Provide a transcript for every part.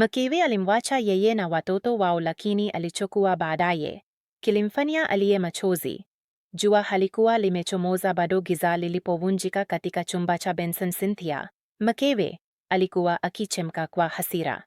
Mkewe alimwacha yeye na watoto wao, lakini alichokuwa baadaye kilimfanya aliye machozi. Jua halikuwa limechomoza bado, giza lilipovunjika katika chumba cha Benson, Cynthia mkewe alikuwa akichemka kwa hasira.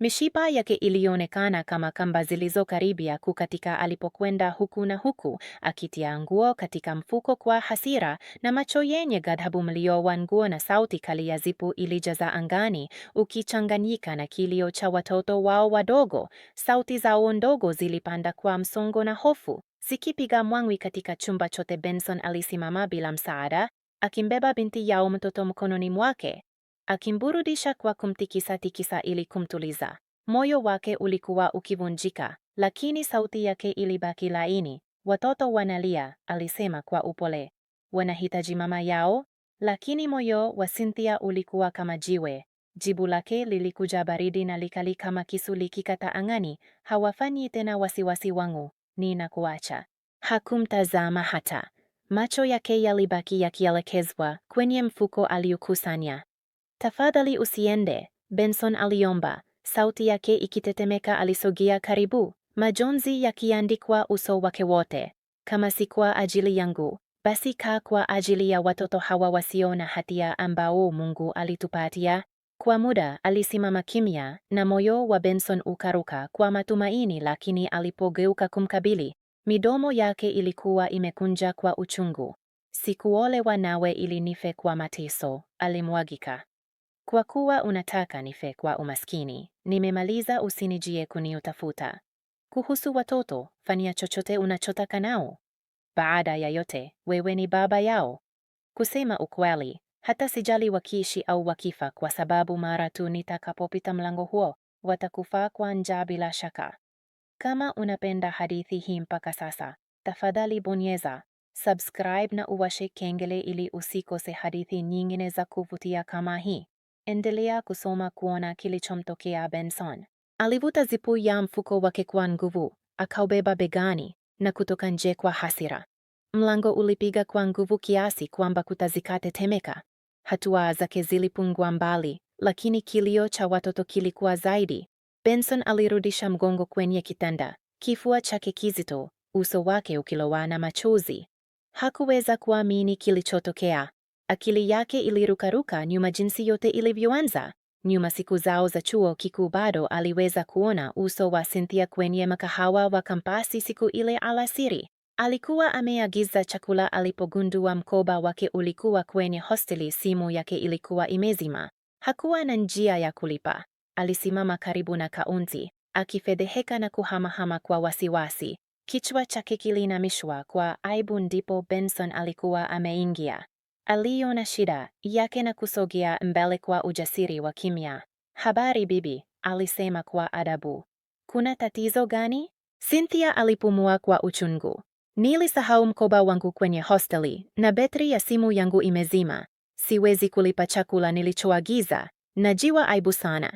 Mishipa yake ilionekana kama kamba zilizokaribia kukatika alipokwenda huku na huku, akitia nguo katika mfuko kwa hasira na macho yenye ghadhabu. Mlio wa nguo na sauti kali ya zipu ilijaza angani, ukichanganyika na kilio cha watoto wao wadogo. Sauti zao ndogo zilipanda kwa msongo na hofu, zikipiga mwangwi katika chumba chote. Benson alisimama bila msaada, akimbeba binti yao mtoto mkononi mwake akimburudisha kwa kumtikisa-tikisa ili kumtuliza. Moyo wake ulikuwa ukivunjika, lakini sauti yake ilibaki laini. Watoto wanalia, alisema kwa upole, wanahitaji mama yao. Lakini moyo wa Cynthia ulikuwa kama jiwe. Jibu lake lilikuja baridi na likali kama kisu likikata angani. Hawafanyi tena wasiwasi wangu, ninakuacha. Hakumtazama hata, macho yake yalibaki yakielekezwa kwenye mfuko aliokusanya. Tafadhali usiende, Benson aliomba, sauti yake ikitetemeka. Alisogea karibu, majonzi yakiandikwa uso wake wote. Kama si kwa ajili yangu, basi kaa kwa ajili ya watoto hawa wasio na hatia ambao Mungu alitupatia. Kwa muda alisimama kimya na moyo wa Benson ukaruka kwa matumaini, lakini alipogeuka kumkabili, midomo yake ilikuwa imekunja kwa uchungu. Sikuolewa nawe ilinife kwa mateso, alimwagika. Kwa kuwa unataka nife kwa umaskini, nimemaliza usinijie kuniutafuta. Kuhusu watoto, fanya chochote unachotaka nao. Baada ya yote, wewe ni baba yao. Kusema ukweli, hata sijali wakiishi au wakifa, kwa sababu mara tu nitakapopita mlango huo watakufa kwa njaa bila shaka. Kama unapenda hadithi hii mpaka sasa, tafadhali bonyeza subscribe na uwashe kengele ili usikose hadithi nyingine za kuvutia kama hii endelea kusoma kuona kilichomtokea Benson. Alivuta zipu ya mfuko wake kwa nguvu, akaubeba begani na kutoka nje kwa hasira. Mlango ulipiga kwa nguvu kiasi kwamba kuta zikatetemeka. Hatua zake zilipungua mbali, lakini kilio cha watoto kilikuwa zaidi. Benson alirudisha mgongo kwenye kitanda, kifua chake kizito, uso wake ukilowana machozi. Hakuweza kuamini kilichotokea. Akili yake ilirukaruka nyuma jinsi yote ilivyoanza. Nyuma siku zao za chuo kikuu bado aliweza kuona uso wa Cynthia kwenye makahawa wa kampasi siku ile alasiri. Alikuwa ameagiza chakula alipogundua mkoba wake ulikuwa kwenye hosteli. Simu yake ilikuwa imezima. Hakuwa na njia ya kulipa. Alisimama karibu na kaunti akifedheheka na kuhamahama kwa wasiwasi. Kichwa chake kilinamishwa kwa aibu, ndipo Benson alikuwa ameingia aliona shida yake na kusogea mbele kwa ujasiri wa kimya. Habari bibi, alisema kwa adabu. Kuna tatizo gani? Cynthia alipumua kwa uchungu. Nilisahau mkoba wangu kwenye hosteli na betri ya simu yangu imezima. Siwezi kulipa chakula nilichoagiza. jiwa aibu sana.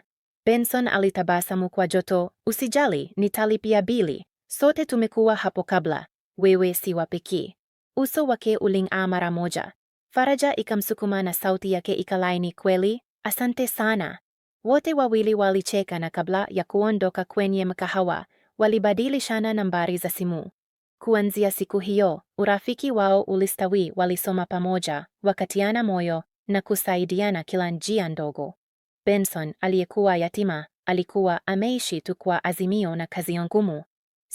Benson alitabasamu kwa joto. Usijali, nitalipia bili. Sote tumekuwa hapo kabla. Wewe si wa pekee. Uso wake uling'aa mara moja. Faraja ikamsukuma na sauti yake ikalaini, kweli, asante sana. Wote wawili walicheka na kabla ya kuondoka kwenye mkahawa, walibadilishana nambari za simu. Kuanzia siku hiyo, urafiki wao ulistawi. Walisoma pamoja, wakatiana moyo na kusaidiana kila njia ndogo. Benson aliyekuwa yatima alikuwa ameishi tu kwa azimio na kazi ngumu,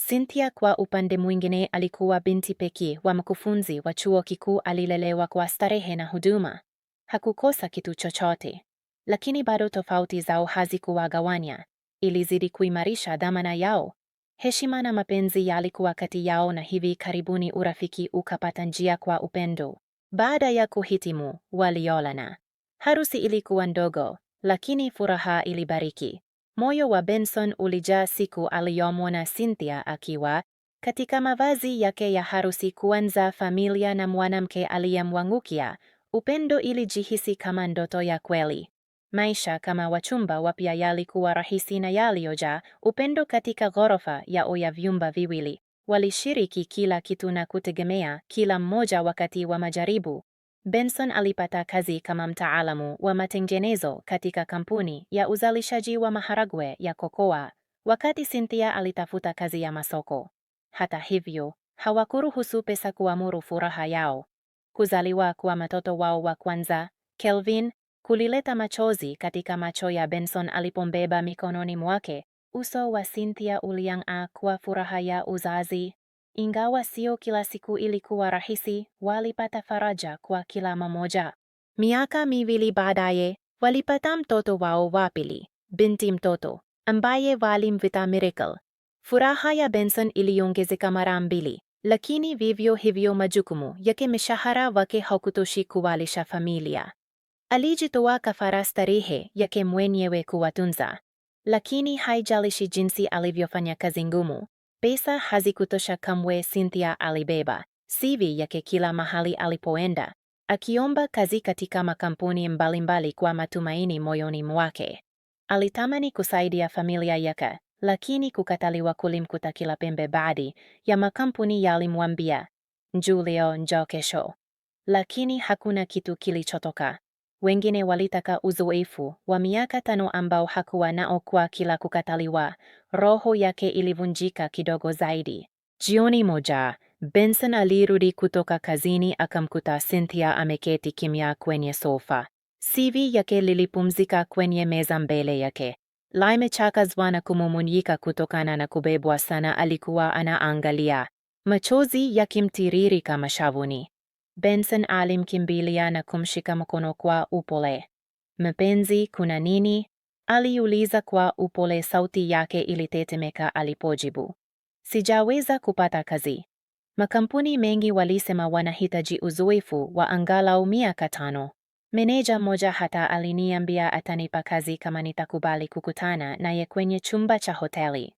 Cynthia kwa upande mwingine alikuwa binti pekee wa mkufunzi wa chuo kikuu. Alilelewa kwa starehe na huduma, hakukosa kitu chochote, lakini bado tofauti zao hazikuwagawanya, ilizidi kuimarisha dhamana yao. Heshima na mapenzi yalikuwa kati yao, na hivi karibuni urafiki ukapata njia kwa upendo. Baada ya kuhitimu, waliolana. Harusi ilikuwa ndogo, lakini furaha ilibariki. Moyo wa Benson ulijaa siku aliyomwona Cynthia akiwa katika mavazi yake ya harusi kuanza familia na mwanamke aliyemwangukia. Upendo ilijihisi kama ndoto ya kweli. Maisha kama wachumba wapya yalikuwa rahisi na yaliyojaa upendo. Katika ghorofa yao ya vyumba viwili, walishiriki kila kitu na kutegemea kila mmoja wakati wa majaribu. Benson alipata kazi kama mtaalamu wa matengenezo katika kampuni ya uzalishaji wa maharagwe ya kokoa, wakati Cynthia alitafuta kazi ya masoko. Hata hivyo, hawakuruhusu pesa kuamuru furaha yao. Kuzaliwa kwa matoto wao wa kwanza, Kelvin, kulileta machozi katika macho ya Benson alipombeba mikononi mwake. Uso wa Cynthia uliang'aa kwa furaha ya uzazi. Ingawa sio kila siku ilikuwa rahisi, walipata faraja kwa kila mmoja. Miaka miwili baadaye, walipata mtoto wao wa pili, binti mtoto, ambaye walimvita Miracle. Furaha ya Benson iliongezeka mara mbili, lakini vivyo hivyo majukumu yake. mishahara wake haukutoshi kuwalisha familia. Alijitoa kafara starehe yake mwenyewe kuwatunza, lakini haijalishi jinsi alivyofanya kazi ngumu, Pesa hazikutosha kamwe. Cynthia alibeba CV yake kila mahali alipoenda, akiomba kazi katika makampuni mbalimbali kwa matumaini moyoni mwake. Alitamani kusaidia familia yake, lakini kukataliwa kulimkuta kila pembe. Baadhi ya makampuni yalimwambia njoo leo, njoo kesho, lakini hakuna kitu kilichotoka. Wengine walitaka uzoefu wa miaka tano ambao hakuwa nao kwa kila kukataliwa. Roho yake ilivunjika kidogo zaidi. Jioni moja, Benson alirudi kutoka kazini akamkuta Cynthia ameketi kimya kwenye sofa. CV yake lilipumzika kwenye meza mbele yake. Limechakazwa na kumumunyika kutokana na kubebwa sana alikuwa anaangalia, machozi yakimtiririka mashavuni. Benson alimkimbilia na kumshika mkono kwa upole. Mpenzi, kuna nini? Aliuliza kwa upole, sauti yake ilitetemeka alipojibu. Sijaweza kupata kazi. Makampuni mengi walisema wanahitaji uzoefu wa angalau miaka tano. Meneja mmoja hata aliniambia atanipa kazi kama nitakubali kukutana naye kwenye chumba cha hoteli.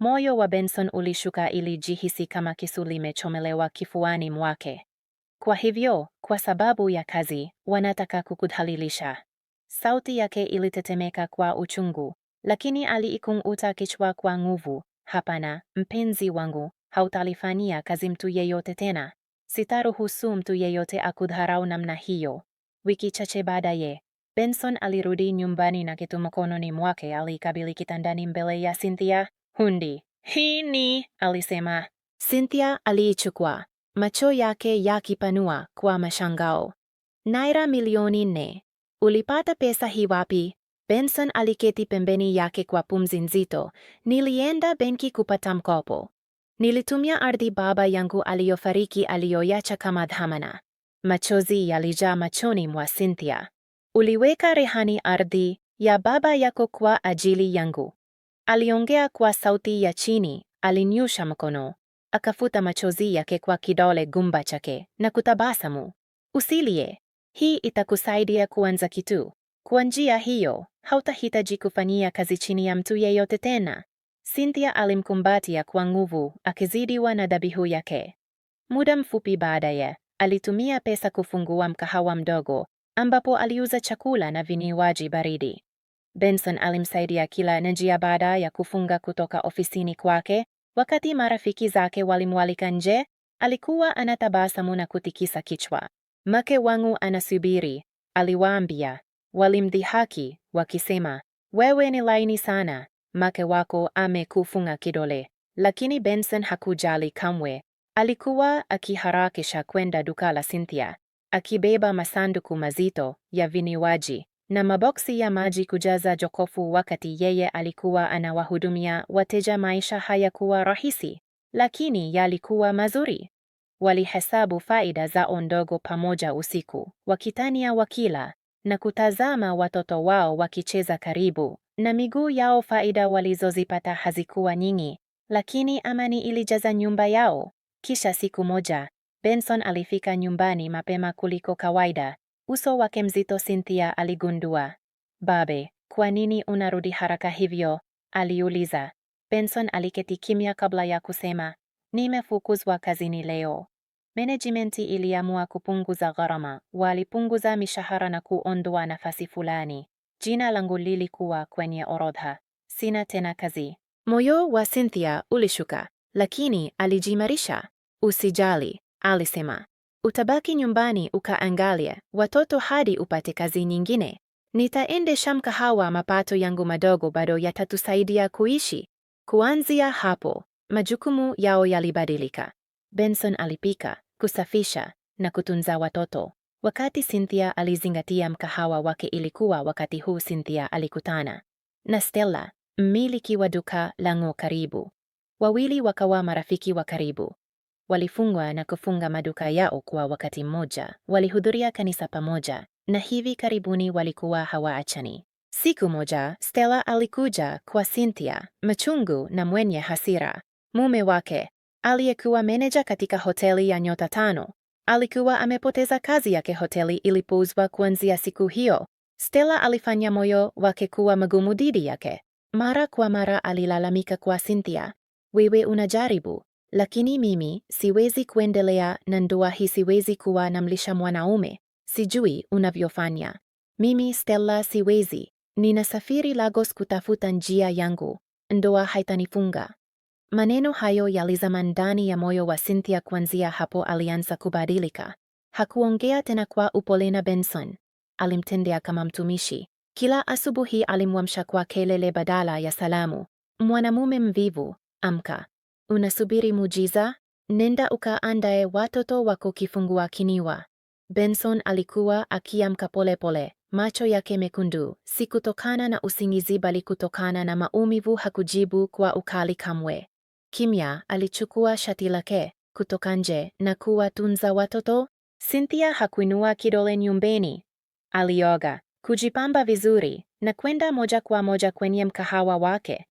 Moyo wa Benson ulishuka, ilijihisi kama kisu limechomelewa kifuani mwake. Kwa hivyo, kwa sababu ya kazi, wanataka kukudhalilisha. Sauti yake ilitetemeka kwa uchungu, lakini aliikunguta kichwa kwa nguvu. Hapana, mpenzi wangu, hautalifanyia kazi mtu yeyote tena. Sitaruhusu mtu yeyote akudharau namna hiyo. Wiki chache baadaye, Benson alirudi nyumbani na kitu mkononi mwake. Alikabili kitandani mbele ya Cynthia. Hundi hii ni, alisema. Cynthia aliichukua macho yake yakipanua kwa mashangao. Naira milioni nne! Ulipata pesa hii wapi? Benson aliketi pembeni yake kwa pumzi nzito. Nilienda benki kupata mkopo. Nilitumia ardhi baba yangu aliyofariki aliyoyacha kama dhamana. Machozi yalijaa machoni mwa Cynthia. Uliweka rehani ardhi ya baba yako kwa ajili yangu, aliongea kwa sauti ya chini. Alinyusha mkono akafuta machozi yake kwa kidole gumba chake na kutabasamu. Usilie, hii itakusaidia kuanza kitu. Kwa njia hiyo hautahitaji kufanyia kazi chini ya mtu yeyote tena. Cynthia alimkumbatia kwa nguvu, akizidiwa na dhabihu yake. Muda mfupi baadaye alitumia pesa kufungua mkahawa mdogo ambapo aliuza chakula na vinywaji baridi. Benson alimsaidia kila njia baada ya kufunga kutoka ofisini kwake Wakati marafiki zake walimwalika nje, alikuwa anatabasamu na kutikisa kichwa. Mke wangu anasubiri, aliwaambia. Walimdhihaki wakisema, wewe ni laini sana, mke wako amekufunga kidole. Lakini Benson hakujali kamwe. Alikuwa akiharakisha kwenda duka la Cynthia akibeba masanduku mazito ya vinywaji na maboksi ya maji kujaza jokofu wakati yeye alikuwa anawahudumia wateja. Maisha hayakuwa rahisi, lakini yalikuwa mazuri. Walihesabu faida zao ndogo pamoja usiku, wakitania wakila na kutazama watoto wao wakicheza karibu na miguu yao. Faida walizozipata hazikuwa nyingi, lakini amani ilijaza nyumba yao. Kisha siku moja Benson alifika nyumbani mapema kuliko kawaida, Uso wake mzito Cynthia aligundua. Babe, kwa nini unarudi haraka hivyo? aliuliza. Benson aliketi kimya kabla ya kusema, nimefukuzwa kazini leo. Menejimenti iliamua kupunguza gharama, walipunguza mishahara na kuondoa nafasi fulani. Jina langu lilikuwa kwenye orodha. Sina tena kazi. Moyo wa Cynthia ulishuka, lakini alijimarisha. Usijali, alisema. Utabaki nyumbani ukaangalia watoto hadi upate kazi nyingine. Nitaendesha mkahawa, mapato yangu madogo bado yatatusaidia kuishi. Kuanzia hapo, majukumu yao yalibadilika. Benson alipika, kusafisha na kutunza watoto, wakati Cynthia alizingatia mkahawa wake. Ilikuwa wakati huu Cynthia alikutana na Stella, mmiliki wa duka la nguo karibu. Wawili wakawa marafiki wa karibu walifungwa na kufunga maduka yao kwa wakati mmoja. Walihudhuria kanisa pamoja na hivi karibuni walikuwa hawaachani. Siku moja Stella alikuja kwa Cynthia, mchungu na mwenye hasira. Mume wake aliyekuwa meneja katika hoteli ya nyota tano alikuwa amepoteza kazi yake. Hoteli ilipouzwa kuanzia siku hiyo, Stella alifanya moyo wake kuwa magumu dhidi yake. Mara kwa mara alilalamika kwa Cynthia, wewe unajaribu lakini mimi siwezi kuendelea na ndoa hii, siwezi kuwa namlisha mwanaume. Sijui unavyofanya. Mimi Stella siwezi, ninasafiri Lagos kutafuta njia yangu, ndoa haitanifunga. Maneno hayo yalizama ndani ya moyo wa Cynthia. Kuanzia hapo alianza kubadilika. Hakuongea tena kwa upole na Benson, alimtendea kama mtumishi. Kila asubuhi alimwamsha kwa kelele badala ya salamu. Mwanamume mvivu, amka! Unasubiri mujiza? Nenda ukaandae watoto wako kifungua kiniwa Benson alikuwa akiamka polepole, macho yake mekundu, si kutokana na usingizi bali kutokana na maumivu. Hakujibu kwa ukali kamwe. Kimya alichukua shati lake kutoka nje na kuwatunza watoto. Cynthia hakuinua kidole nyumbeni. Alioga, kujipamba vizuri na kwenda moja kwa moja kwenye mkahawa wake.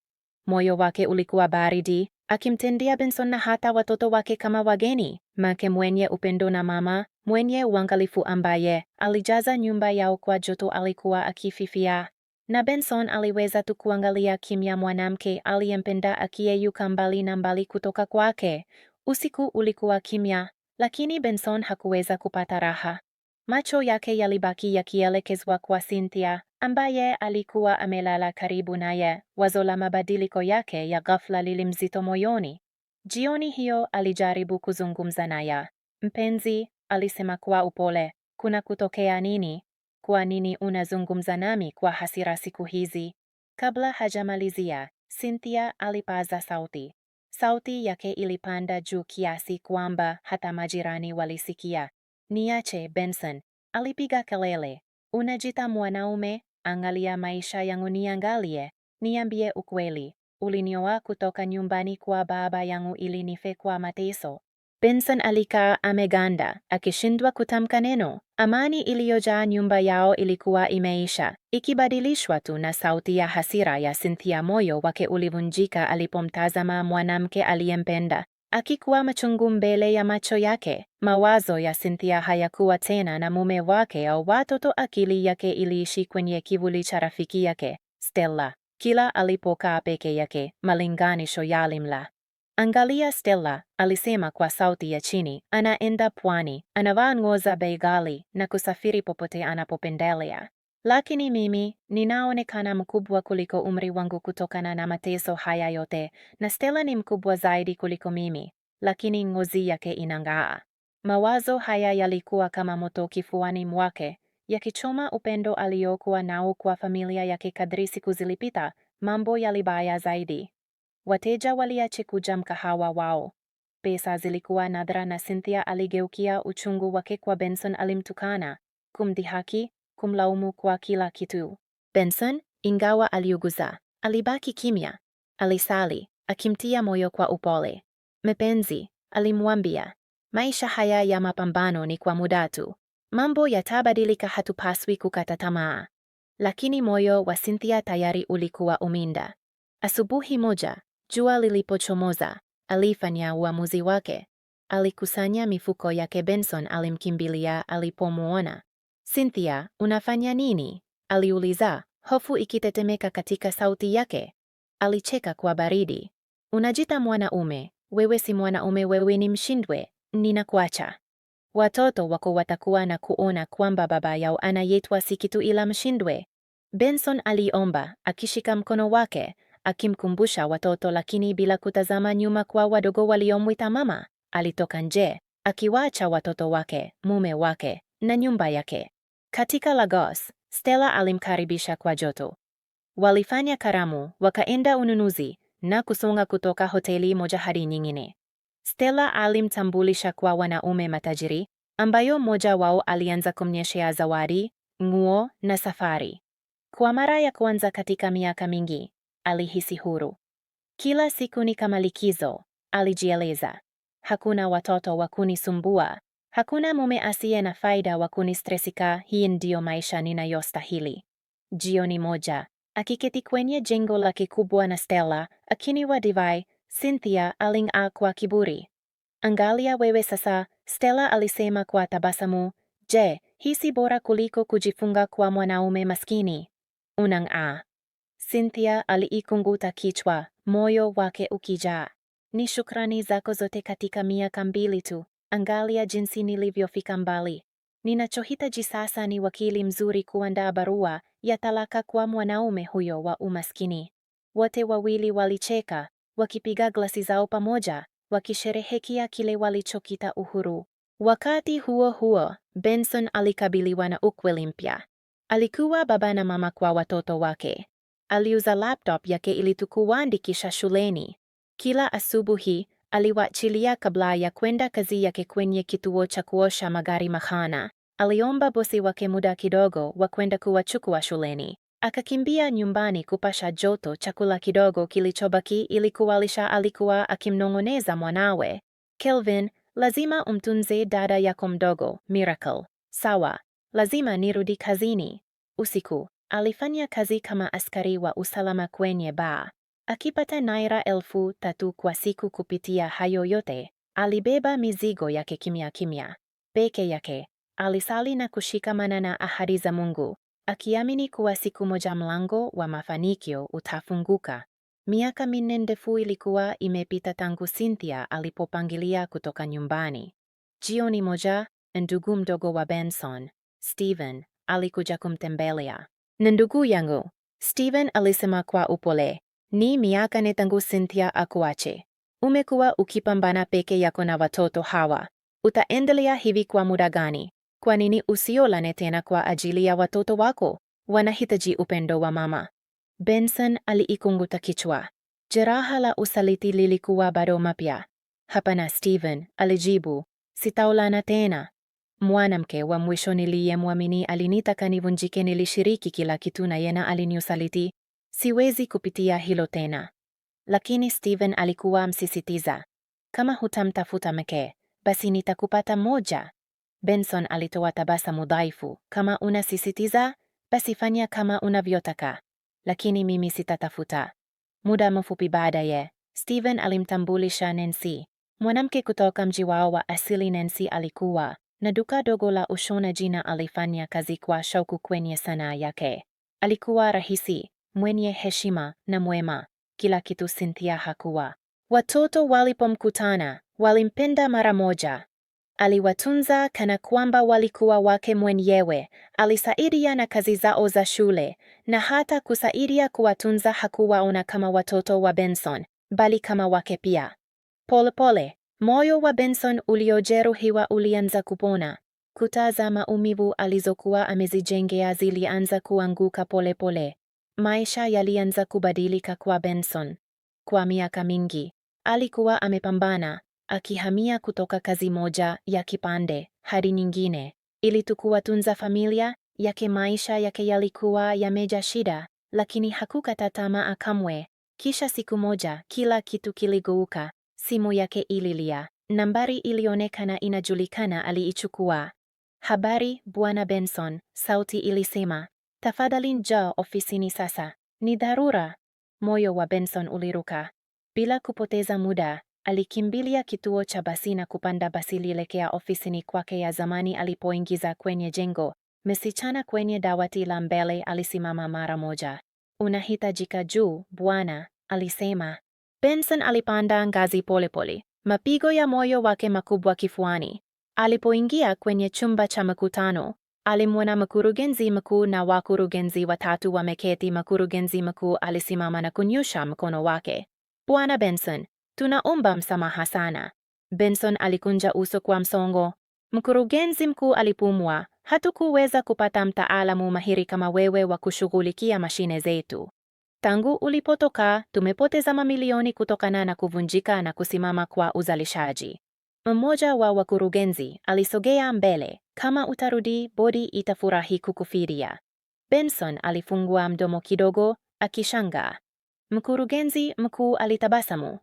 Moyo wake ulikuwa baridi, akimtendea Benson na hata watoto wake kama wageni, make mwenye upendo na mama mwenye uangalifu ambaye alijaza nyumba yao kwa joto alikuwa akififia, na Benson aliweza tu kuangalia kimya mwanamke aliyempenda akiyeyuka mbali na mbali kutoka kwake. Usiku ulikuwa kimya, lakini Benson hakuweza kupata raha. Macho yake yalibaki yakielekezwa kwa Cynthia ambaye alikuwa amelala karibu naye. Wazo la mabadiliko yake ya ghafla lilimzito moyoni. Jioni hiyo alijaribu kuzungumza naye. Mpenzi, alisema kwa upole, kuna kutokea nini? Kwa nini unazungumza nami kwa hasira siku hizi? Kabla hajamalizia, Cynthia alipaza sauti. Sauti yake ilipanda juu kiasi kwamba hata majirani walisikia. Niache Benson, alipiga kelele. Unajita mwanaume, Angalia maisha yangu niangalie, niambie ukweli, ulinioa kutoka nyumbani kwa baba yangu ili nife kwa mateso. Benson alikaa ameganda, akishindwa kutamka neno. Amani iliyojaa nyumba yao ilikuwa imeisha, ikibadilishwa tu na sauti ya hasira ya Cynthia. Moyo wake ulivunjika alipomtazama mwanamke aliyempenda, Akikuwa machungu mbele ya macho yake, mawazo ya Cynthia hayakuwa tena na mume wake au watoto. Akili yake iliishi kwenye kivuli cha rafiki yake Stella. Kila alipokaa peke yake, malinganisho yalimla. Angalia Stella, alisema kwa sauti ya chini. Anaenda pwani, anavaa nguo za bei ghali na kusafiri popote anapopendelea. Lakini mimi ninaonekana mkubwa kuliko umri wangu kutokana na mateso haya yote, na Stella ni mkubwa zaidi kuliko mimi, lakini ngozi yake inang'aa. Mawazo haya yalikuwa kama moto kifuani mwake, yakichoma upendo aliokuwa nao kwa familia yake. Kadri siku zilipita, mambo yalibaya zaidi. Wateja waliache kuja mkahawa wao. Pesa zilikuwa nadra, na Cynthia aligeukia uchungu wake kwa Benson. Alimtukana, kumdhihaki kumlaumu kwa kila kitu. Benson, ingawa aliuguza, alibaki kimya. Alisali, akimtia moyo kwa upole. Mpenzi, alimwambia, maisha haya ya mapambano ni kwa muda tu. Mambo yatabadilika, hatupaswi kukata tamaa. Lakini moyo wa Cynthia tayari ulikuwa uminda. Asubuhi moja, jua lilipochomoza, alifanya uamuzi wake. Alikusanya mifuko yake. Benson alimkimbilia alipomwona. Cynthia, unafanya nini? aliuliza, hofu ikitetemeka katika sauti yake. Alicheka kwa baridi. Unajita mwanaume, wewe si mwanaume, wewe ni mshindwe, ninakuacha. Watoto wako watakuwa na kuona kwamba baba yao anayetwa si kitu ila mshindwe. Benson aliomba, akishika mkono wake, akimkumbusha watoto, lakini bila kutazama nyuma kwa wadogo waliomwita mama. Alitoka nje, akiwaacha watoto wake, mume wake na nyumba yake. Katika Lagos, Stella alimkaribisha kwa joto. Walifanya karamu, wakaenda ununuzi na kusonga kutoka hoteli moja hadi nyingine. Stella alimtambulisha kwa wanaume matajiri, ambayo mmoja wao alianza kumnyeshea zawadi, nguo na safari. Kwa mara ya kwanza katika miaka mingi, alihisi huru. Kila siku ni kama likizo, alijieleza. Hakuna watoto wa kunisumbua, Hakuna mume asiye na faida wa kunistresika. Hii ndiyo maisha ninayostahili. Jioni moja akiketi kwenye jengo la kikubwa na Stella akinywa divai, Cynthia aling'aa kwa kiburi. Angalia wewe sasa, Stella alisema kwa tabasamu. Je, hii si bora kuliko kujifunga kwa mwanaume maskini? Unang'aa. Cynthia aliikunguta kichwa, moyo wake ukijaa. Ni shukrani zako zote katika miaka mbili tu, Angalia jinsi nilivyofika mbali. Ninachohitaji sasa ni wakili mzuri kuandaa barua ya talaka kwa mwanaume huyo wa umaskini. Wote wawili walicheka, wakipiga glasi zao pamoja, wakisherehekea kile walichokita uhuru. Wakati huo huo, Benson alikabiliwa na ukweli mpya. Alikuwa baba na mama kwa watoto wake. Aliuza laptop yake ili tukuandikisha shuleni. Kila asubuhi aliwaachilia kabla ya kwenda kazi yake kwenye kituo cha kuosha magari Mahana. Aliomba bosi wake muda kidogo wa kwenda kuwachukua shuleni. Akakimbia nyumbani kupasha joto chakula kidogo kilichobaki ili kuwalisha. Alikuwa akimnong'oneza mwanawe Kelvin, lazima umtunze dada yako mdogo Miracle. Sawa, lazima nirudi kazini. Usiku alifanya kazi kama askari wa usalama kwenye baa. Akipata naira elfu tatu kwa siku kupitia hayo yote, alibeba mizigo yake kimya kimya peke yake. Alisali na kushikamana na ahadi za Mungu, akiamini kuwa siku moja mlango wa mafanikio utafunguka. Miaka minne ndefu ilikuwa imepita tangu Cynthia alipopangilia kutoka nyumbani. Jioni moja, ndugu mdogo wa Benson, Stephen, alikuja kumtembelea. Ndugu yangu, Stephen alisema kwa upole, ni miaka ne tangu Cynthia akuache. Umekuwa ukipambana peke yako na watoto hawa. Utaendelea hivi kwa muda gani? Kwa nini usiolane tena kwa ajili ya watoto wako? Wanahitaji upendo wa mama. Benson aliikunguta kichwa. Jeraha la usaliti lilikuwa bado mapya. Hapana, Steven alijibu, sitaolana tena. Mwanamke wa mwisho niliyemwamini alinitaka nivunjike. Nilishiriki kila kitu na yena aliniusaliti siwezi kupitia hilo tena. Lakini Steven alikuwa msisitiza, kama hutamtafuta mke, basi nitakupata moja. Benson alitoa tabasamu dhaifu, kama unasisitiza, basi fanya kama unavyotaka, lakini mimi sitatafuta. Muda mfupi baadaye, Steven alimtambulisha Nancy, mwanamke kutoka mji wao wa asili. Nancy alikuwa na duka dogo la ushonaji na alifanya kazi kwa shauku kwenye sanaa yake. Alikuwa rahisi, mwenye heshima na mwema. Kila kitu Cynthia hakuwa. Watoto walipomkutana walimpenda mara moja. Aliwatunza kana kwamba walikuwa wake mwenyewe, alisaidia na kazi zao za shule, na hata kusaidia kuwatunza. Hakuwaona kama watoto wa Benson, bali kama wake pia. Polepole moyo wa Benson uliojeruhiwa ulianza kupona. Kuta za maumivu alizokuwa amezijengea zilianza kuanguka polepole pole. Maisha yalianza kubadilika kwa Benson. Kwa miaka mingi alikuwa amepambana, akihamia kutoka kazi moja ya kipande hadi nyingine ili tu kuwatunza familia yake. Maisha yake yalikuwa yamejaa shida, lakini hakukata tamaa kamwe. Kisha siku moja kila kitu kiligeuka. Simu yake ililia, nambari ilionekana inajulikana, aliichukua. Habari, bwana Benson, sauti ilisema. Tafadhali njoo ofisini sasa, ni dharura. Moyo wa Benson uliruka. Bila kupoteza muda, alikimbilia kituo cha basi na kupanda basi lilekea ofisini kwake ya zamani. Alipoingiza kwenye jengo, msichana kwenye dawati la mbele alisimama mara moja. Unahitajika juu bwana, alisema. Benson alipanda ngazi polepole, mapigo ya moyo wake makubwa kifuani. Alipoingia kwenye chumba cha makutano, alimwona mkurugenzi mkuu na wakurugenzi watatu wameketi. Mkurugenzi mkuu alisimama na kunyusha mkono wake. Bwana Benson, tunaomba msamaha sana. Benson alikunja uso kwa msongo. Mkurugenzi mkuu alipumua. Hatukuweza kupata mtaalamu mahiri kama wewe wa kushughulikia mashine zetu. Tangu ulipotoka tumepoteza mamilioni kutokana na kuvunjika na kusimama kwa uzalishaji. Mmoja wa wakurugenzi alisogea mbele. Kama utarudi, bodi itafurahi kukufiria. Benson alifungua mdomo kidogo akishangaa. Mkurugenzi mkuu alitabasamu.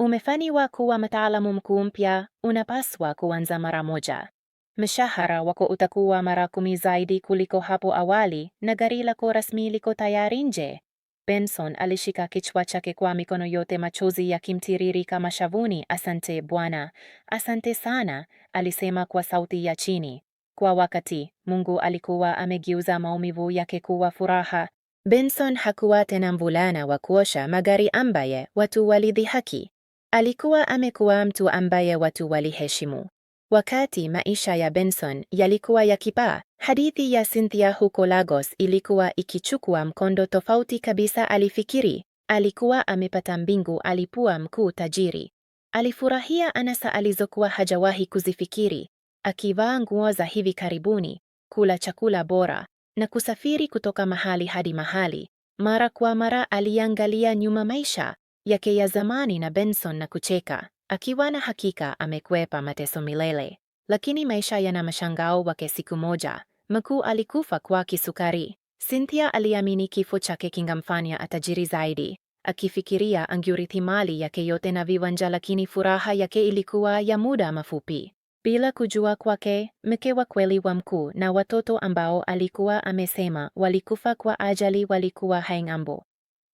Umefaniwa kuwa mtaalamu mkuu mpya, unapaswa kuanza mara moja. Mshahara wako utakuwa mara kumi zaidi kuliko hapo awali na gari lako rasmi liko tayari nje. Benson alishika kichwa chake kwa mikono yote, machozi yakimtiririka mashavuni. Asante bwana, asante sana, alisema kwa sauti ya chini. Kwa wakati, Mungu alikuwa amegeuza maumivu yake kuwa furaha. Benson hakuwa tena mvulana wa kuosha magari ambaye watu walidhihaki. Alikuwa amekuwa mtu ambaye watu waliheshimu. Wakati maisha ya Benson yalikuwa yakipaa, hadithi ya Cynthia huko Lagos ilikuwa ikichukua mkondo tofauti kabisa. Alifikiri alikuwa amepata mbingu, alipua mkuu tajiri, alifurahia anasa alizokuwa hajawahi kuzifikiri akivaa nguo za hivi karibuni, kula chakula bora na kusafiri kutoka mahali hadi mahali. Mara kwa mara aliangalia nyuma maisha yake ya zamani na Benson na kucheka, akiwa na hakika amekwepa mateso milele. Lakini maisha yana mashangao wake. Siku moja mkuu alikufa kwa kisukari. Cynthia aliamini kifo chake kingamfanya atajiri zaidi, akifikiria angerithi mali yake yote na viwanja, lakini furaha yake ilikuwa ya muda mafupi. Bila kujua kwake, mke wa kweli wa mkuu na watoto ambao alikuwa amesema walikufa kwa ajali walikuwa haing'ambo.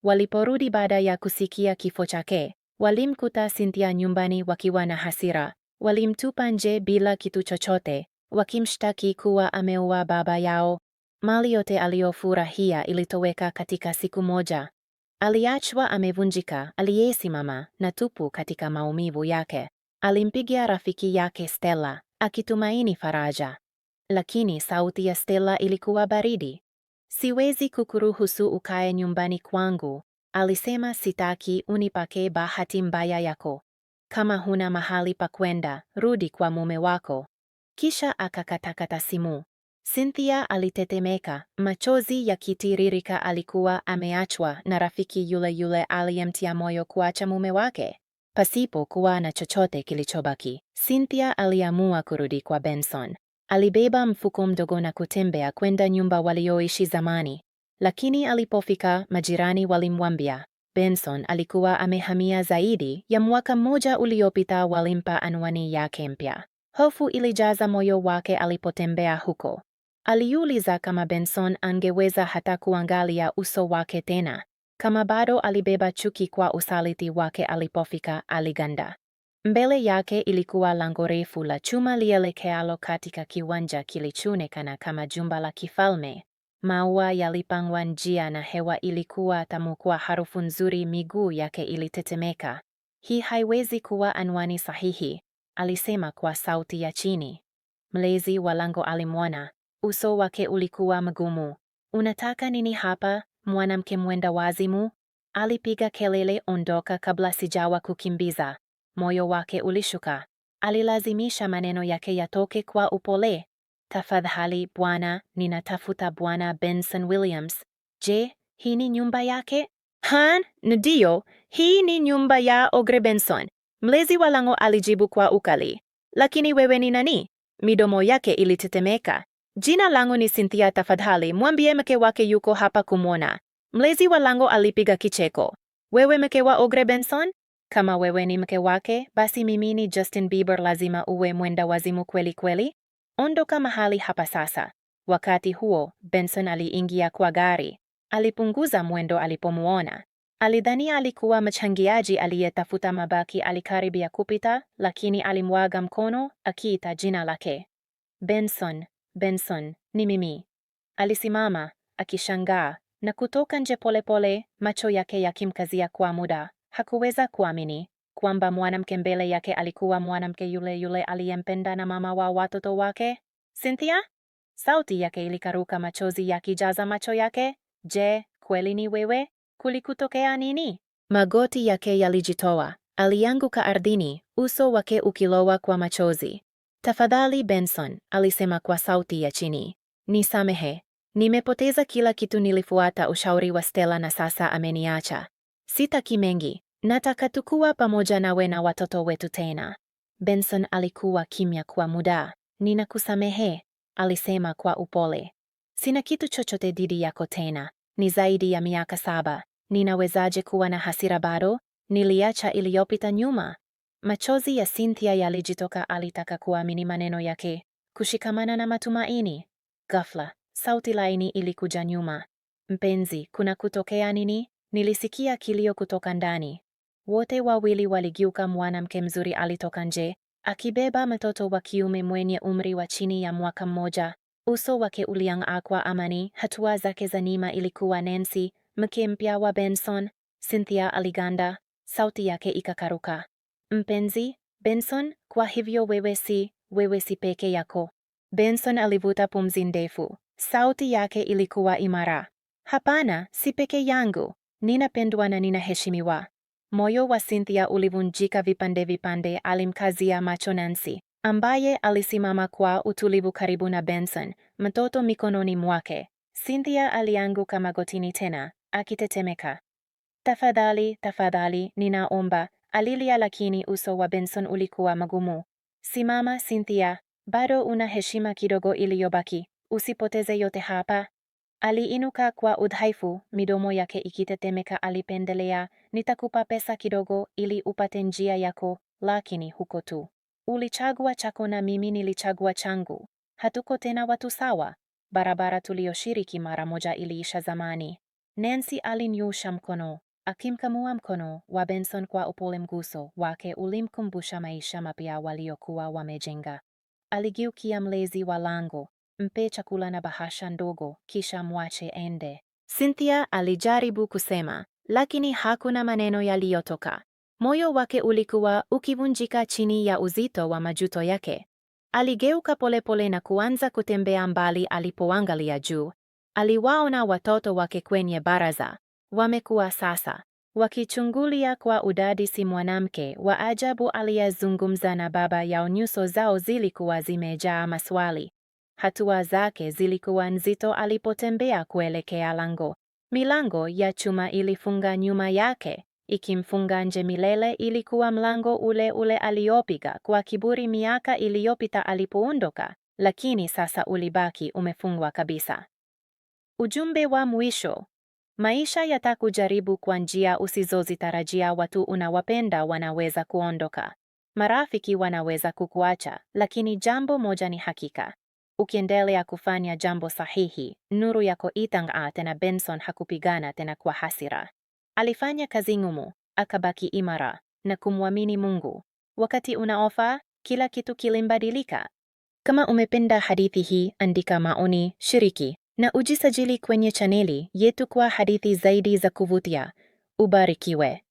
Waliporudi baada ya kusikia kifo chake, walimkuta Cynthia nyumbani wakiwa na hasira. Walimtupa nje bila kitu chochote, wakimshtaki kuwa ameua baba yao. Mali yote aliyofurahia ilitoweka katika siku moja. Aliachwa amevunjika, aliyesimama na tupu katika maumivu yake. Alimpigia rafiki yake Stella akitumaini faraja, lakini sauti ya Stella ilikuwa baridi. Siwezi kukuruhusu ukae nyumbani kwangu, alisema. Sitaki unipake bahati mbaya yako. Kama huna mahali pa kwenda, rudi kwa mume wako. Kisha akakatakata simu. Cynthia alitetemeka, machozi yakitiririka. Alikuwa ameachwa na rafiki yule yule aliyemtia moyo kuacha mume wake pasipo kuwa na chochote kilichobaki. Cynthia aliamua kurudi kwa Benson. Alibeba mfuko mdogo na kutembea kwenda nyumba walioishi zamani, lakini alipofika, majirani walimwambia Benson alikuwa amehamia zaidi ya mwaka mmoja uliopita. Walimpa anwani yake mpya. Hofu ilijaza moyo wake alipotembea huko. Aliuliza kama Benson angeweza hata kuangalia uso wake tena. Kama bado alibeba chuki kwa usaliti wake alipofika, aliganda. Mbele yake ilikuwa lango refu la chuma lielekealo katika kiwanja kilichoonekana kama jumba la kifalme. Maua yalipangwa njia na hewa ilikuwa tamu kwa harufu nzuri. Miguu yake ilitetemeka. Hii haiwezi kuwa anwani sahihi, alisema kwa sauti ya chini. Mlezi wa lango alimwona. Uso wake ulikuwa mgumu. Unataka nini hapa? mwanamke mwenda wazimu, alipiga kelele, ondoka kabla sijawa kukimbiza. Moyo wake ulishuka. Alilazimisha maneno yake yatoke kwa upole. Tafadhali bwana, ninatafuta Bwana Benson Williams. Je, hii ni nyumba yake? Han, ndiyo, hii ni nyumba ya Ogre Benson, mlezi wa lango, alijibu kwa ukali. Lakini wewe ni nani? Midomo yake ilitetemeka. Jina langu ni Cynthia, tafadhali mwambie mke wake yuko hapa kumwona. Mlezi wa lango alipiga kicheko. Wewe mke wa Ogre Benson? Kama wewe ni mke wake, basi mimi ni Justin Bieber. Lazima uwe mwenda wazimu kweli kweli. Ondoka mahali hapa sasa. Wakati huo Benson aliingia kwa gari. Alipunguza mwendo alipomuona Alidhania alikuwa mchangiaji aliyetafuta mabaki. Alikaribia kupita, lakini alimwaga mkono akiita jina lake, Benson. Benson, ni mimi. Alisimama akishangaa na kutoka nje polepole, macho yake yakimkazia kwa muda. Hakuweza kuamini kwamba mwanamke mbele yake alikuwa mwanamke yule yule aliyempenda na mama wa watoto wake. Cynthia? Sauti yake ilikaruka, machozi yakijaza macho yake. Je, kweli ni wewe? Kulikutokea nini? Magoti yake yalijitoa, alianguka ardhini, uso wake ukilowa kwa machozi. Tafadhali Benson, alisema kwa sauti ya chini. Nisamehe. Nimepoteza kila kitu nilifuata ushauri wa Stella na sasa ameniacha. Sitaki mengi. Nataka tukuwa pamoja nawe na watoto wetu tena. Benson alikuwa kimya kwa muda. Ninakusamehe, alisema kwa upole. Sina kitu chochote dhidi yako tena. Ni zaidi ya miaka saba. Ninawezaje kuwa na hasira bado? Niliacha iliyopita nyuma. Machozi ya Cynthia yalijitoka, alitaka kuamini maneno yake, kushikamana na matumaini. Ghafla, sauti laini ilikuja nyuma. Mpenzi, kuna kutokea nini? Nilisikia kilio kutoka ndani. Wote wawili waligiuka. Mwanamke mzuri alitoka nje akibeba mtoto wa kiume mwenye umri wa chini ya mwaka mmoja. Uso wake uliang'aa kwa amani. Hatua zake za nima ilikuwa Nancy, mke mpya wa Benson. Cynthia aliganda, sauti yake ikakaruka. Mpenzi Benson, kwa hivyo wewe si wewe si peke yako. Benson alivuta pumzi ndefu. Sauti yake ilikuwa imara. Hapana, si peke yangu. Ninapendwa na ninaheshimiwa. Moyo wa Cynthia ulivunjika vipande vipande. Alimkazia macho Nancy ambaye alisimama kwa utulivu karibu na Benson, mtoto mikononi mwake. Cynthia alianguka magotini tena, akitetemeka. Tafadhali, tafadhali, ninaomba, Alilia lakini uso wa Benson ulikuwa magumu. Simama, Cynthia, bado una heshima kidogo iliyobaki. Usipoteze yote hapa. Aliinuka kwa udhaifu, midomo yake ikitetemeka. Alipendelea, nitakupa pesa kidogo ili upate njia yako, lakini huko tu. Ulichagua chako na mimi nilichagua changu. Hatuko tena watu sawa. Barabara tuliyoshiriki mara moja iliisha zamani. Nancy alinyusha mkono. Akimkamua mkono wa Benson kwa upole, mguso wake ulimkumbusha maisha mapya waliokuwa wamejenga. Aligeukia mlezi wa lango, mpe chakula na bahasha ndogo, kisha mwache ende. Cynthia alijaribu kusema, lakini hakuna maneno yaliyotoka. Moyo wake ulikuwa ukivunjika chini ya uzito wa majuto yake. Aligeuka polepole na kuanza kutembea mbali. Alipoangalia juu, aliwaona watoto wake kwenye baraza, wamekuwa sasa wakichungulia kwa udadisi mwanamke wa ajabu aliyezungumza na baba yao. Nyuso zao zilikuwa zimejaa maswali. Hatua zake zilikuwa nzito alipotembea kuelekea lango. Milango ya chuma ilifunga nyuma yake, ikimfunga nje milele. Ilikuwa mlango ule ule aliopiga kwa kiburi miaka iliyopita alipoondoka, lakini sasa ulibaki umefungwa kabisa. Ujumbe wa mwisho Maisha yatakujaribu kwa njia usizozitarajia. Watu unawapenda wanaweza kuondoka, marafiki wanaweza kukuacha, lakini jambo moja ni hakika: ukiendelea kufanya jambo sahihi, nuru yako itang'aa tena. Benson hakupigana tena kwa hasira, alifanya kazi ngumu, akabaki imara na kumwamini Mungu. Wakati unaofaa, kila kitu kilimbadilika. Kama umependa hadithi hii, andika maoni, shiriki na ujisajili kwenye chaneli yetu kwa hadithi zaidi za kuvutia. Ubarikiwe.